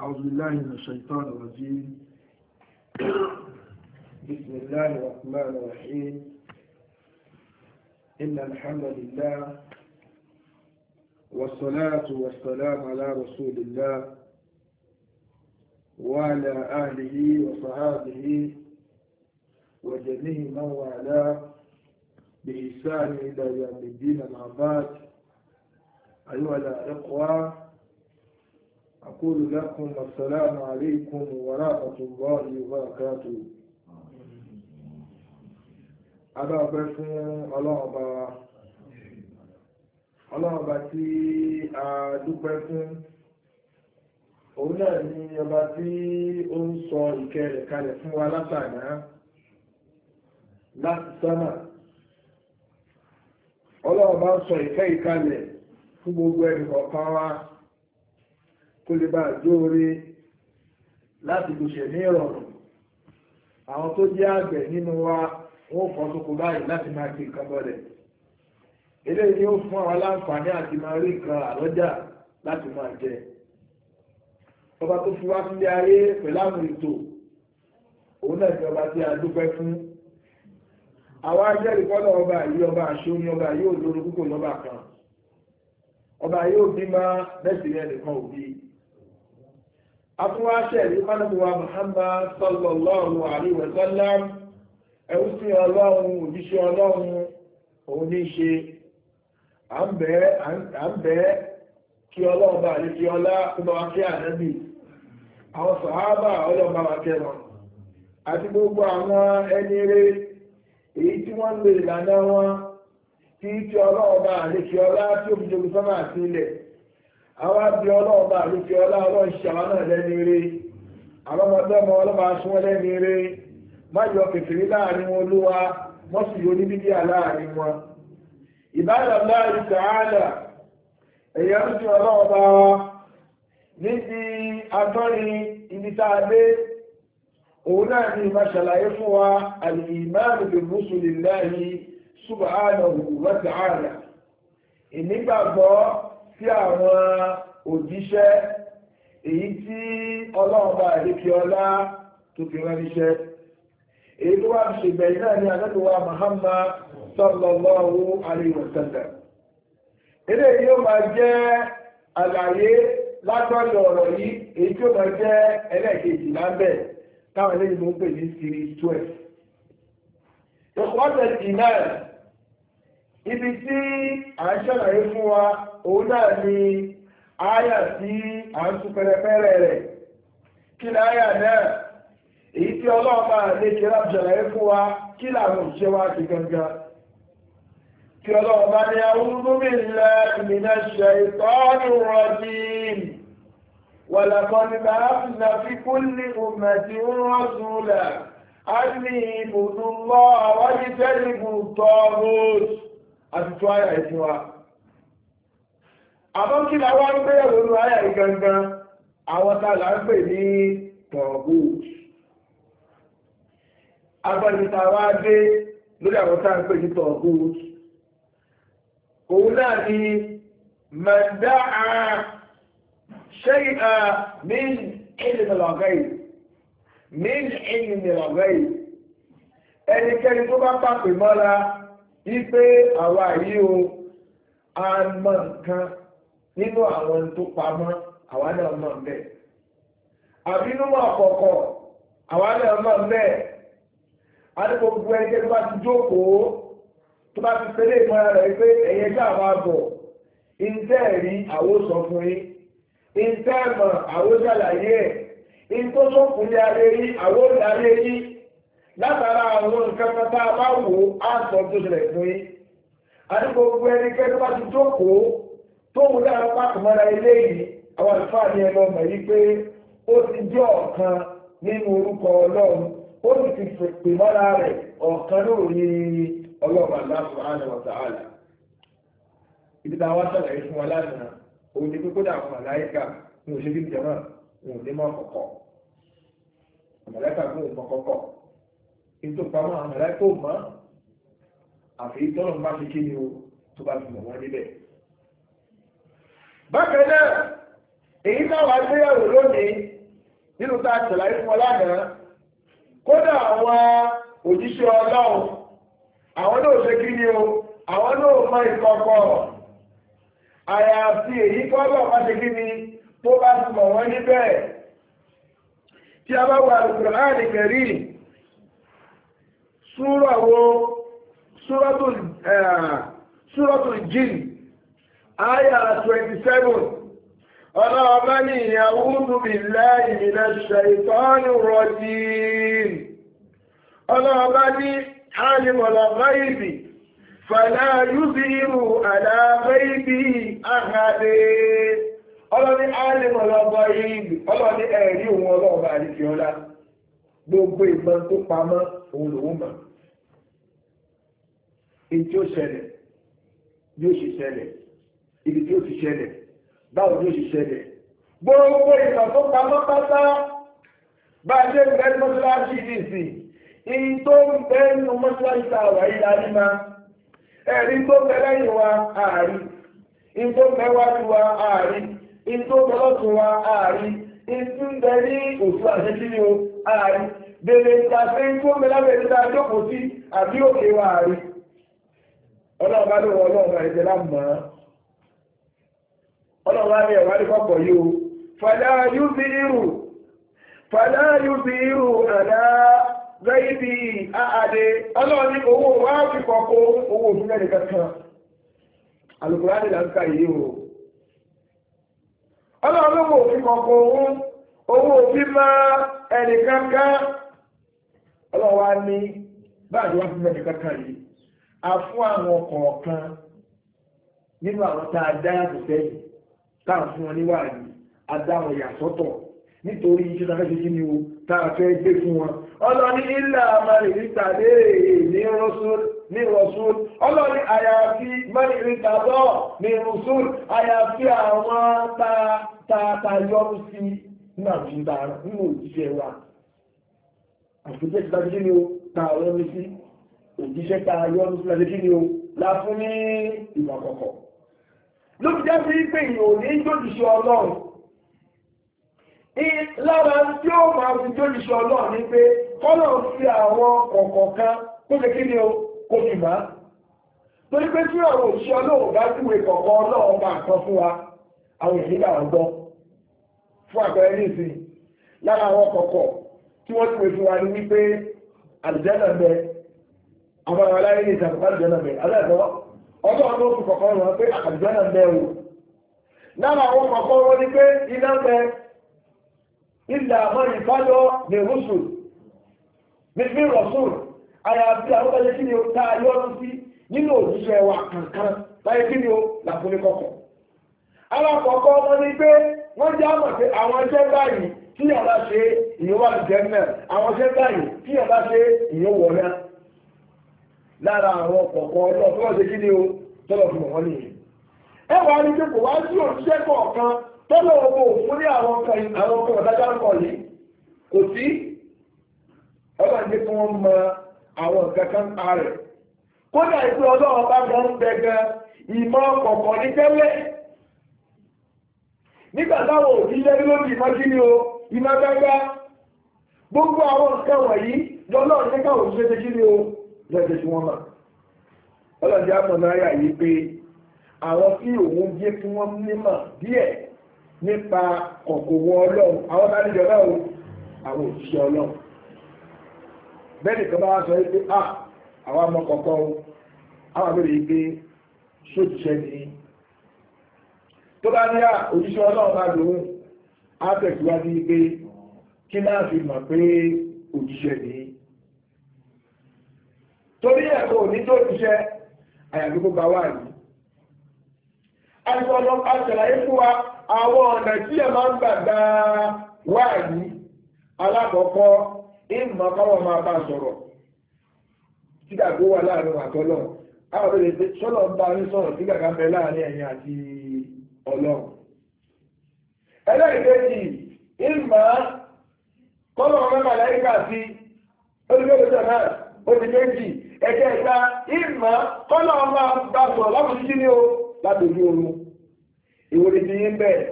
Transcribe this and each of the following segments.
أعوذ بالله من الشيطان الرجيم بسم الله الرحمن الرحيم إن الحمد لله والصلاة والسلام على رسول الله وعلى آله وصحابه وجميع من والاه بإحسان إلى يوم الدين العباد أيها الإخوة أقول لكم السلام عليكم ورحمة الله وبركاته adáwọ̀pẹ́ fún ọlọ́ọ̀bá ọlọ́ọ̀bá tí a dúpẹ́ fún òun náà ni ọba tí ó ń sọ ìkẹ́ rẹ̀ fún wa látàná láti sánà ọlọ́ọ̀bá fún gbogbo wa. kó lè bá jóore láti gbòṣẹ̀ ní ìrọ̀rùn àwọn tó jẹ́ àgbẹ̀ nínú wa wọ́n fọ́n tó báyìí láti máa kí nǹkan bọ́lẹ̀ eléyìí ni ó fún àwọn aláǹfààní àti máa rí nǹkan àlọ́jà láti máa jẹ ọba tó fi wá sílé ayé pẹ̀lú àwọn ètò òun náà ìjọba tí a dúpẹ́ fún àwọn ajẹ́rìí kọ́lọ̀ ọba yìí ọba àṣóyún ọba yóò lórí púpọ̀ lọ́ba kan ọba yóò bímọ bẹ́ẹ̀ sì rẹ̀ nìkan òbí afúnwáṣẹ́ ní pánàbíwá Muhammad sallallahu alaihi wa sallam ẹ̀hún sí ọlọ́run òjíṣẹ́ ọlọ́run òun ní ṣe à ń ọba wa àwọn sàhábà ọlọ́run bá wa kẹ́ àwọn àbí ọlọ́ọ̀bá àlùkí ọlá ọlọ́ọ̀ṣẹ́ àwọn náà lẹ́ni rí àlọ́mọdọ́mọ ọlọ́ba sún lẹ́ni rí má yọ kèfèrí láàrin wọn olúwa wọ́n sì yọ ní bíbí àláàrin wọn ìbára láàrin sàádà ẹ̀yà ń tún ọlọ́ọ̀bá wa níbi atọ́rin ibi tá a dé òun náà ni ìmọ̀ ṣàlàyé fún wa al-imanu bi rusulillahi subhanahu wa ta'ala ìnígbàgbọ́ sí àwọn òjíṣẹ́ èyí tí ọlọ́run bá àdékè ọlá tó fi ránníṣẹ́ èyí tó wà ń ṣègbẹ̀yìn náà ní anábìwá Muhammad sallallahu alayhi wa sallam ilé yóò máa jẹ́ àlàyé látọ̀lọ̀ ọ̀rọ̀ yìí èyí tí ó máa jẹ́ ẹlẹ́ẹ̀kejì lábẹ́ táwọn eléyìí mú pè ní series twelve ìkọ́sẹ̀ ìnáà ibi tí à ń ṣàlàyé fún wa òun náà ni áyà tí a ń tún pẹ̀rẹ̀pẹ̀rẹ̀ rẹ̀ kí ni áyà náà èyí tí ọlọ́ọ̀bá lè ṣe lábìṣẹ̀lẹ̀ fún wa kí làwọn òṣìṣẹ́ wa ti gangan kí ọlọ́ọ̀bá ni a'udhu billahi minash shaitanir rajim ولقد بعثنا في كل أمة رسولا أن اعبدوا الله واجتنبوا الطاغوت أتتوا يا àbọ́n kí la wá ń pé ẹ̀rọ ayà gangan àwọn tá là ń pè ní tọ̀gbù agbẹ̀nìta wá dé lórí àwọn tá ń pè ní tọ̀gbù òun náà ni mẹ́dáà ṣẹ́yìnà min ilmi al ẹnikẹ́ni tó bá pàpè mọ́ra wípé àwa yìí àmọ́ nǹkan nínú àwọn tó pamọ́ àwa náà mọ̀ bẹ́ẹ̀ àbí nínú àkọ́kọ́ àwa náà mọ̀ bẹ́ẹ̀ adigunbu ẹgbẹ́ tó bá ti jókòó tó bá ti fẹ́lẹ́ ìmọ̀ra rẹ̀ pé ẹ̀yẹ gbà máa bọ̀ ìǹtẹ́ rí àwòsàn fún yín ìǹtẹ́ mọ̀ àwòsàlàyé ẹ̀ ìǹtọ́ sọ́kùnrin alẹ́ yín àwòsàlẹ́ yín látara àwọn nǹkan kan tá a bá wò á sọ tó ṣẹlẹ̀ fún yín adigunbu ẹgbẹ́ tó bá ti jókòó. tóun náà pàtàmọ́ra ilé yìí àwọn àlùfáà ní ẹnu ọmọ yìí pé ó ti jẹ́ ọ̀kan nínú orúkọ ọlọ́run ó sì ti pè mọ́ra rẹ̀ ọ̀kan ọlọ́run aláṣọ àlà ibi tá a wá sàlàyé fún wa lánàá òun ni kókó dà ní òṣèlú ìjọba òun ní mọ́ kọ̀kọ́ àmàlẹ́kà fún òun kọ̀kọ́ pamọ́ bákan náà èyí táwọn agbéyàwó lónìí nínú tá a tẹ̀lá fún ọ lánàá kódà àwọn òjíṣẹ́ ọlọ́run àwọn náà ṣe kí ni o àwọn náà mọ ìkọ̀kọ̀ àyàfi èyí kọ́lọ̀ bá ṣe kí ni tó bá ti mọ̀ wọ́n níbẹ̀ tí a bá wà Al-Qur'an Karim súrọ̀ wo súrọ̀tù eh, jinn Aya 27. Ọlọ́ọ̀bá ní a'udhu billahi minash shaitanir rajim. Ọlọ́ọ̀bá ní alimul ghaibi, fala yuzhiru ala ghaibihi ahade. Ọlọ́ni alimul ghaibi, ọlọ́ni ẹ̀rí òun ọlọ́ọ̀bá àríkì ọlá. Gbogbo ìmọ̀ tó pamọ́ òun lòun mọ̀. bí ó ṣe ṣẹlẹ̀. ibi tí ó ti ṣẹlẹ̀ báwo ló ti ṣẹlẹ̀ gbogbo ìtàn pamọ́ pátá bá a ṣe ń bẹ́ẹ̀ mọ́ṣáláṣí ìyí tó ń bẹ́ẹ̀ nu mọ́ṣáláṣí tá a wà yìí ẹ̀rí tó bẹ lẹ́yìn wa ààrí ìyí tó bẹ wájú wa ààrí ìyí tó bẹ lọ́tún wa ààrí ìyí tó ń bẹ ní wa ààrí ọlọ́ọ̀bá ló wọ ọlọ́ọ̀bá ọlọ́wà rẹ̀ wà ní kọ́kọ̀ yóò fàlá yóò sí irú fàlá yóò sí irú àdá gẹ́ìbì àádé ọlọ́ni owó wá fi kọ́kọ́ owó òfúnlẹ̀ ní kankan alùkùránì láńkà yìí o ọlọ́ni owó òfin kọ́kọ́ owó òfin máa ẹnì kankan ọlọ́wà ní báyìí wá fún ẹnì kankan yìí a fún àwọn kọ̀ọ̀kan nínú àwọn tá a dá yàtọ̀ sẹ́yìn táà fún wọn níwáàdí adáwọn ìyàsọ́tọ̀ nítorí iṣẹ́ tàbí kí ni o táà fẹ́ gbé fún wọn ọlọ́ni ilẹ̀ amẹ́rìnríta léèrè ní rọ́sùn ní rọ́sùn ọlọ́ni àyàfi mẹ́rìnríta bọ́ ní rọ́sùn àyàfi àwọn tààtà yọrù sí nàìjíríà nínú òjíṣẹ́ wa àfijẹ́ ti tàbí kí ni o táà yọrù sí òjíṣẹ́ táà yọrù sí nàìjíríà kí ni o láfún ní ìmọ̀kọ̀kọ̀ ló fi jẹ́ sí pé ìyò ní jòjìṣẹ́ ọlọ́run lára tí ó máa fi jòjìṣẹ́ ọlọ́run ni pé kọ́nà sí àwọn kọ̀ọ̀kan tó ṣe kí ni o kò sì máa torí pé tí àwọn òṣìṣẹ́ ọlọ́run bá júwe kọ̀ọ̀kan ọlọ́run máa kan fún wa àwọn ìdílé àwọn gbọ́ fún àpẹẹrẹ ní ìsìn lára àwọn kọ̀ọ̀kọ̀ tí wọ́n ti wé fún wa ní wípé àlùjẹ́ náà bẹ àwọn aláìní ìtàkùn àlùjẹ́ náà bẹ aláìsọ́wọ́ ọjọ́ ọdún oṣù kọ̀ọ̀kan rẹ̀ pé àjọ náà bẹ́ lára àwọn kọ̀ọ̀kan wọn ni pé iná bẹ ilẹ̀ àmọ́rin fáyọ́ ní rúṣù níbi rọ̀ṣùn àyàfi àwọn kí ni tá a yọ́nu sí nínú òṣìṣẹ́ wa kankan láyé kí ni o alákọ̀ọ́kọ́ ni pé wọ́n jẹ́ àmọ̀ pé àwọn iṣẹ́ báyìí tí yàrá ṣe ìyẹn wà lára àwọn ọkọ̀ọ̀kan ọlọ́ tó wọ́n ṣe kí ni o tọ́lọ̀ fún wọn nìyẹn. ẹ wàá rí pé kò wá sí òṣìṣẹ́ kọ̀ọ̀kan tọ́lọ̀ owó fún ní àwọn ọkọ̀ ọ̀dájà ń kọ̀ yìí kò sí ọba ń gbé kí wọ́n mọ àwọn nǹkan kan pa rẹ̀. kódà ìpín ọlọ́run bá gan ń bẹ gan ìmọ̀ ọkọ̀ọ̀kan ní tẹ́lẹ̀ nígbà táwọn òbí lẹ́rí lórí ìmọ̀ kí ni o ìmọ̀ gbangba gbogbo àwọn nǹkan wọ̀nyí lọ́lọ́run lẹ́gbẹ̀ẹ́ tí wọ́n mọ̀ ọlọ́dẹ amọ̀náyà yìí pé àwọn tí òun jẹ́ kí wọ́n nímọ̀ díẹ̀ nípa kọ̀kọ̀wọ́ ọlọ́run àwọn bá níjọ náà àwọn òṣìṣẹ́ ọlọ́run bẹ́ẹ̀ nìkan bá wá sọ pé à àwọn ọmọ kọ̀ọ̀kan o àwọn abẹ́rẹ́ yìí pé sóòtìṣẹ́ ni tó bá ní à òṣìṣẹ́ ọlọ́run bá lòun á tẹ̀síwájú pé kí náà fi mọ̀ pé òṣìṣẹ́ ni torí ẹ̀kọ́ òní tó àyàdúgbò bá wà ní. àìsàn àṣàlàyé fún wa àwọn ọ̀nà tí ẹ máa ń gbà gba wà ní alákọ̀ọ́kọ́ ìmọ̀ káwọn máa bá sọ̀rọ̀ tí wà láàrin àtọ́lọ̀ àwọn olè pé sọ́lọ̀ ń bá sọ̀rọ̀ ẹ̀kẹ́ ẹ̀ta ìmọ̀ kọ́lọ̀ ọmọ bá sọ̀ láti ni o láti ojú oorun ìwòrè ti yín bẹ́ẹ̀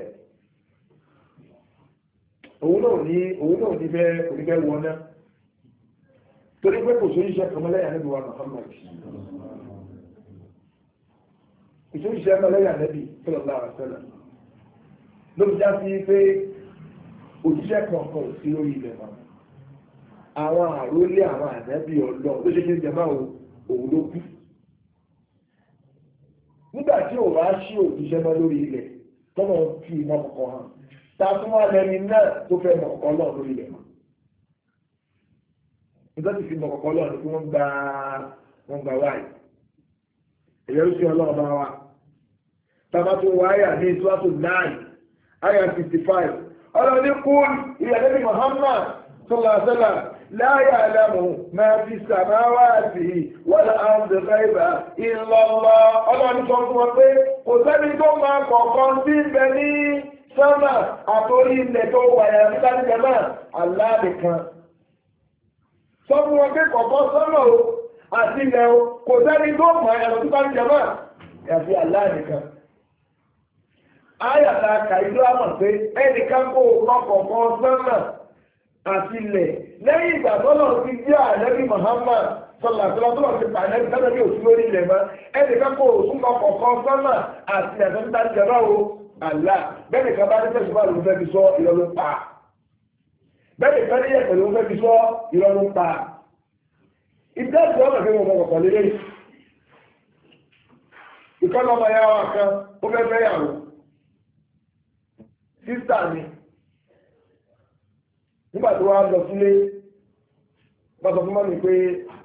òun náà ní òun náà ní bẹ́ẹ̀ oníbẹ́ wọn náà torí pé kò sóyún iṣẹ́ kan lẹ́yìn àlẹ́bí wa Muhammad kò sóyún iṣẹ́ kan lẹ́yìn àlẹ́bí sallallahu alaihi wasallam ló fi já sí pé òṣìṣẹ́ kọ̀ọ̀kan ò sí lórí ilẹ̀ náà àwọn àrólé àwọn ànábì ọlọ́ tó ṣe ṣe jẹmọ́ òun ló kú nígbàtí ò wá ṣí mọ́ lórí ilẹ̀ tọ́mọ̀ fi ìmọ̀ kọ̀ọ̀kan hàn ta tún lẹni náà tó fẹ́ mọ̀ lórí ilẹ̀ nígbà fi mọ̀ ni kí wọ́n gba gba wáyé ẹ̀yẹ́ ló ṣe bá wa tàbá tó لا يعلم ما في السماوات والأرض غيب إلا الله ọlọ́run sọ fún wọn pé kò sẹ́ni tó máa kọ̀ọ̀kan sí ibẹ̀ ní sánmà àtòrí ilẹ̀ tó wàyà nígbà nígbà náà aláàbì kan sọ fún wọn pé kọ̀ọ̀kan sánmà o àti ilẹ̀ o kò sẹ́ni tó máa yàtọ̀ nígbà nígbà náà yàtọ̀ aláàbì kan ayàtà kàìlú àmọ̀ pé ẹnìkan kò mọ kọ̀ọ̀kan sánmà àti ilẹ̀ lẹ́yìn ìgbà tọ́lọ̀ ti jẹ́ àlẹ́bí Muhammad sọlá tọ́lá tọ́lọ̀ ti pa àlẹ́bí tọ́lọ̀ lórí ilẹ̀ mọ́ ẹnì kan kò sún kan kọ̀ọ̀kan sọ́nà àti ẹ̀sẹ̀ ń tàbí jẹ̀rọ o àlá bẹ́ẹ̀ nìkan bá fẹ́ fi sọ ìrọ̀lù pa bẹ́ẹ̀ nìkan ní ẹ̀sẹ̀ fẹ́ fi sọ pa wọn lé nígbà tó wá lọ sílé bá sọ fún mọ́mí pé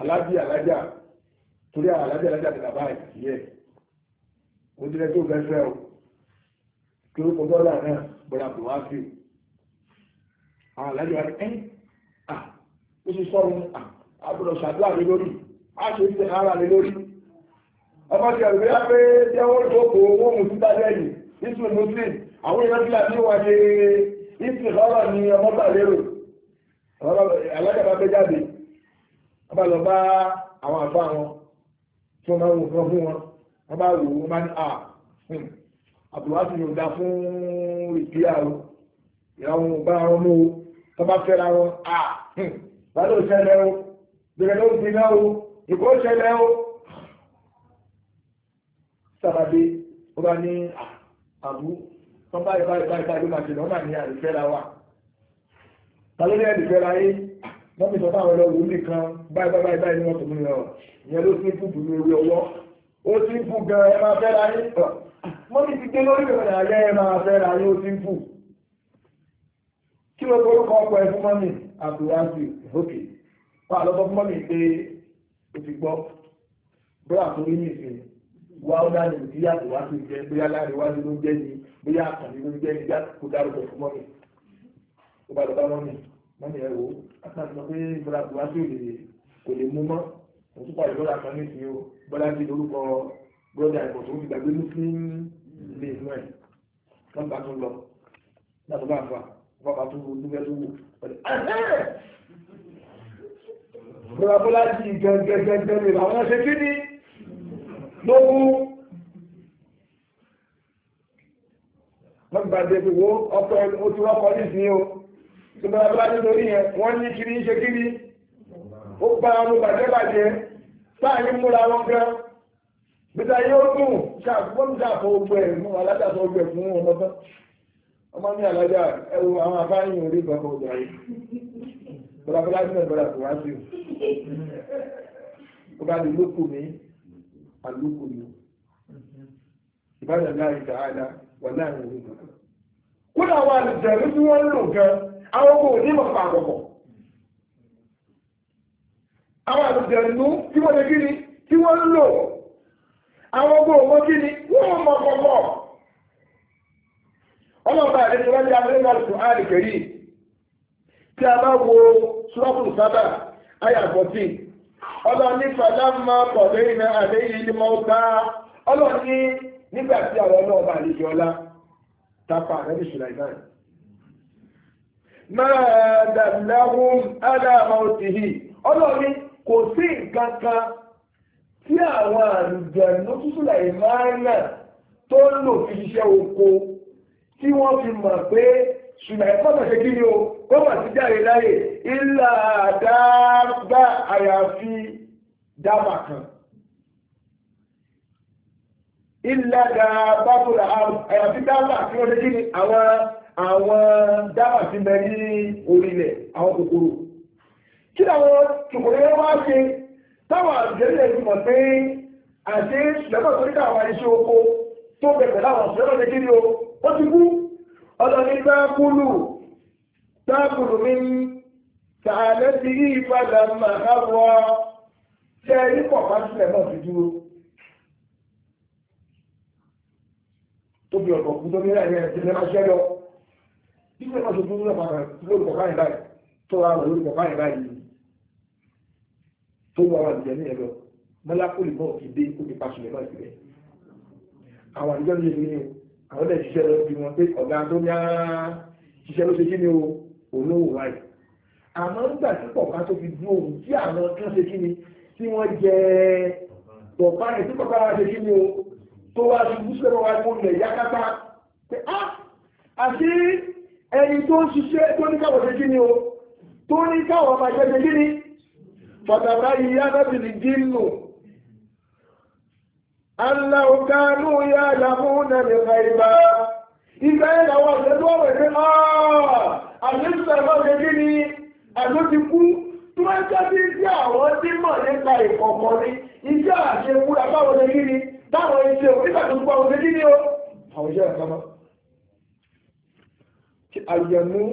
aláàjì alájà torí aláàjì alájà ti bàbá ìyẹ́ ó ti rẹ́ tó fẹ́ fẹ́ o kí ó kọ dọ́là náà bọ̀dà bò wá sí àwọn aláàjì wa ní ẹ́ à ó sì sọ́run àbúrò ṣàdúrà lé lórí á ṣe ń tẹ ara lé lórí ọmọ ti ọ̀gbẹ́ yá pé jẹ́wọ́ tó kò owó mú títà lẹ́yìn islam muslim àwọn ìrántí àti ìwà ni islam ọ̀rọ̀ ni ọmọ gbà lérò alágbàbá bẹ́ jáde wọ́n bá lọ bá àwọn àfa wọn tí wọ́n máa ń wòran fún wọn wọ́n bá wò wọ́n bá ní à àbúrásì yóò dá fún ìpíyà o ìyàwó bá wọn mú o tó bá fẹ́ra wọn à bá ló o bẹ̀rẹ̀ ló ń gbiná o ìkó ṣẹlẹ̀ o sábàbí ó bá ní àbú tó bá ìbá ìbá ìbá ìbá ìbá ìbá ìbá ìbá ìbá tàlórí ẹ̀dì fẹ́ra yé wọ́n fi sọ́tà àwọn ẹlọ́wọ́ nìkan báyìí báyìí báyìí ni wọ́n tún mú lọ ìyẹn ló sí fún bùnú orí ọwọ́ ó sì ń fún gan ẹ máa fẹ́ra yé wọ́n ti ti dé lórí ìrìn àyẹ́ ẹ máa fẹ́ra yé ó sì ń fún kí ló torúkọ ọkọ̀ ẹ fún mọ́mì àbúrásì òkè wà lọ́tọ́ fún mọ́mì pé o ti gbọ́ bọ́lá tó rí ní ìsìn wá ó dá ní ìdíyàtọ̀ wá sí jẹ́ bóyá láàrin wájú ló jẹ́ ni bóyá àkàndínlójẹ́ ni kó dárúkọ fún mọ́mì tó bá lọ bá mọ́mì mọ́mì ẹ̀ wò ó látàrí sọ pé bọ́lá tó wá sí òde kò lè mú mọ́ mo tún pàdé lọ́la kan nísìnyí o bọ́lá ti lórúkọ bọ́lá ìbọn tó ń fi gbàgbé muslim lè mú ẹ̀ wọ́n bá tún lọ láti bá fa wọ́n bá tún lúwẹ́ tó wù bọ́lá bọ́lá ti gẹ́gẹ́gẹ́gẹ́ lè làwọn ṣe kí ni lógún wọ́n gbàgbé pé ọkọ̀ ó ti nísìnyí o ìjọba bá nítorí yẹn wọ́n ní kiri ń ṣe kiri ó bá ọmọ bàjẹ́ bàjẹ́ báyìí múra wọn gan gbèsè yóò dùn ṣàfihàn ṣàfọ ogun ẹ̀ mú alájà sọ ogun ẹ̀ fún ọmọ tán ọmọ ní alájà ẹwù àwọn afáyín orí ìgbàgbọ́ ọgbà yìí bọ̀dàbọ̀dà sí ẹ̀bọ̀dà kò wá sí o bá lè lóko mi àlóko mi ìbáraẹ̀dá ìdáadáa wà láàrin orí ìgbàgbọ́ kódà wà lè jẹ̀rí tí wọ́n lò gan àwọn ọmọ òní mọ̀ fà àgbọ̀pọ̀ àwọn àlùjẹ̀nú tí wọ́n lè kí ni tí wọ́n lò àwọn ọmọ ọmọ kí ni wọ́n mọ̀ a bá wo sọ́ọ̀bù sábà àyà 14 ọlọ́ni na pọ̀lẹ́ ìnà àdéyìn ni mọ́ bá ọlọ́ni nígbà tí àwọn ọlọ́ọ̀bà àlejò ọlá tápa máa dàláhùn aláàmọ́tìhì ọlọ́ni kò sí nǹkan kan tí àwọn àrùjẹ̀nú tútùlẹ̀ ìmáàlá tó ń lò fi ṣiṣẹ́ oko tí wọ́n fi mọ̀ pé ṣùgbọ́n ẹ̀kọ́ta ṣe o kó mà sí jáde láyè ilà àdáàbà àyàfi dábà kan ilà àdáàbà tó rà àyàfi dábà tí wọ́n ṣe kí ni àwọn àwọn dábà ti bẹ ní orílẹ̀ àwọn kòkòrò kí làwọn kòkòrò yẹn wá ṣe táwọn àjẹ́lẹ̀ ti mọ̀ pé àti lẹ́gbọ̀n tó ní káwọn iṣẹ́ oko tó bẹ̀rẹ̀ láwọn ṣẹ́lẹ̀ ní kí ni o ó ti kú ọ̀dọ̀ ní táàkùlù táàkùlù mi tààlẹ́ ti rí ìpadà màá wọ ṣe ní kọ̀ọ̀pá sílẹ̀ náà ti dúró tó bí ọ̀pọ̀ kú tó bí ẹ̀rẹ́ ẹ̀rẹ́ ti lẹ́ máa ṣẹ́ lọ bí pé wọ́n ṣe fún lórúkọ báyìí báyìí tó wà wọ́n lórúkọ báyìí báyìí tó wà wà lùjẹ́ ní ẹ̀rọ mọ́lákùlì náà ti dé kó ti pa sùlẹ̀ náà sílẹ̀ àwọn àdúgbò ní ìlú ni àwọn ọ̀dẹ̀ ṣiṣẹ́ lọ bí wọn pé ọ̀gá tó ní áá ṣiṣẹ́ ló ṣe kí ni o olówó wáyé àmọ́ nígbà tí pọ̀pá tó fi dúró òun tí àwọn kan ṣe kí ni tí wọ́n jẹ pọ̀pá rẹ̀ tí pọ̀pá wa ṣe kí ni o ẹni tó ṣiṣẹ́ tó ní káwọ̀ ṣe kí ni o tó ní káwọ̀ ọmọ ṣe ṣe kí ni pàtàkì ìyá láti lè dín nù aláwọ̀kánú ya àlàmú nàlẹ̀ ìgbà ìgbà ìgbà wà lẹ́nu ọ̀rọ̀ ìgbà àlẹ́sọ̀rọ̀ ṣe kí ni àlọ́ ti kú tó ń jáde sí àwọn tí mọ̀ nípa ìkọ̀kọ̀ ni iṣẹ́ àṣekú àbáwọn ṣe kí ni táwọn iṣẹ́ òkúta tó gbọ́ àwọn ṣe kí ni o àwọn iṣẹ́ àkọ́kọ́ àyẹ̀mú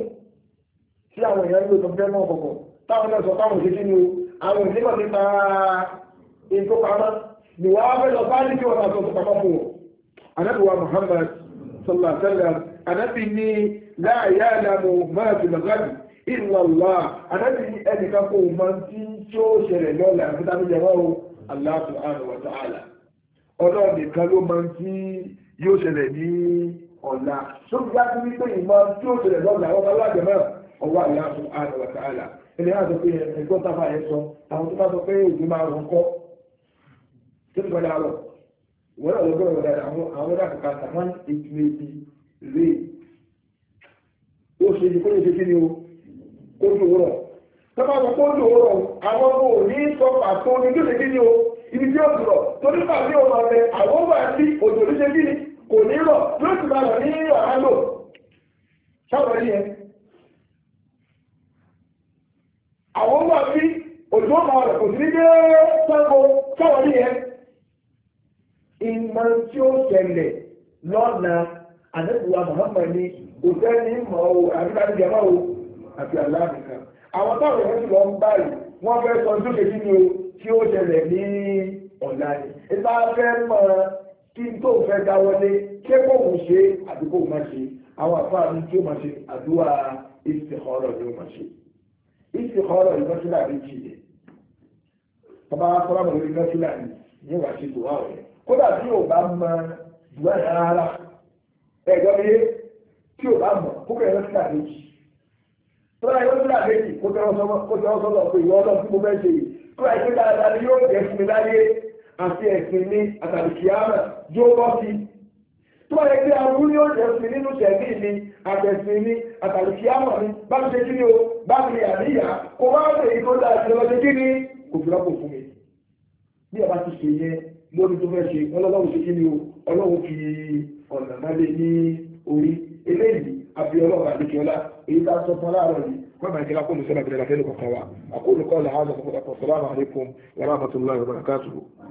tí àwọn èèyàn lò tó fẹ́ mọ́ ọ̀kọ̀kọ̀ táwọn náà sọ fáwọn òṣèké ni o àwọn ìdíkọ̀ nípa ètò pamọ́ ni wọ́n á fẹ́ lọ bá ní kí wọ́n sọ pamọ́ fún wọn. Ànábì Muhammad sallallahu alaihi wa sallam Ànábì ní la ya'lamu ma fil ghadi illa Allah Ànábì ní ẹnìkan kò mọ tí tí ó ṣẹlẹ̀ lọ́la àti tábí Allah subhanahu wa ta'ala ọlọ́ọ̀nìkan ló mọ ọ̀la tó fi dájú wípé ìmọ̀ tí ó ṣẹlẹ̀ lọ́la ọba aláàjẹ náà ọwọ́ àyà fún ààrẹ wàtà àlà ilé náà sọ pé ẹgbọ́n tábà yẹn sọ àwọn tó bá sọ pé òjò máa rọ̀ kọ́ tó ti gbọ́dọ̀ àrọ̀ wọ́n náà lọ́gbọ́n ìwọ̀dà àwọn ọ̀dà kọ̀ọ̀kan sàmán ètò ebi rè ó ṣe ní kó lè ṣe o kó tó rọ̀ tọ́ba sọ kó tó rọ̀ àwọn ọmọ òní sọ pàtó ní kí ni o ibi tí ó rọ̀ torí pàtó ọmọ rẹ̀ àwọn ọmọ àti òjò ní ṣe kí ni kò ní rọ̀ yóò sì rọ̀ ní ọ̀rá lò sábà ní yẹn. àwọn ọmọ àti òjò máa rẹ̀ kò sí ní dé sábà ìmọ̀ tí ó ṣẹlẹ̀ lọ́nà àdébùwà Muhammad ni òfẹ́ ní mọ̀ o àbíkájú o àti aláàbìkan. àwọn táwọn ní kí n tó fẹ́ dáwọ́lé ṣé kó òun ṣe àbí kó òun má ṣe àwọn àfáàní tí ó má ṣe àdúrà istikhara ni ó má ṣe istikhara ìmọ̀sílà méjì yẹn ọba akọ́lámọ̀ lórí ìmọ̀sílà ni ní wàá ṣe dùwà rẹ̀ kódà tí ò bá mọ dùwà rárá ẹ̀gbọ́n mi tí ò bá mọ kókò ìmọ̀sílà méjì tọ́lá ìmọ̀sílà méjì kó tẹ́wọ́ sọ́dọ̀ pé ìwọ ọlọ́run tí mo fẹ́ ṣe yìí tọ́lá ìmọ̀sílà àti ẹ̀sìn ní àtàlùkìyàmà yóò bọ́ sí tó yẹ kí aburú yóò jẹ́ sí nínú tẹ̀mí mi àtẹ̀sìn mi àtàlùkìyàmà mi bá ti ṣe kí ni o bá ti yà níyà kó wá lè kó dá ìṣẹ́lọ́ṣe kí ni kò fi rọ́pò fún mi bí a bá ti ṣe yẹ lórí tó fẹ́ ṣe ọlọ́wọ́ ṣe kí ni o ọlọ́wọ́ fi ọ̀nà mẹ́lẹ̀ ní orí eléyìí àbí ọlọ́wọ́ àdékẹ́ọ́lá èyí tá a sọ fún aláàárọ̀ yìí وما كان أقول سنة من الأخير أقول قول هذا والسلام عليكم ورحمة الله وبركاته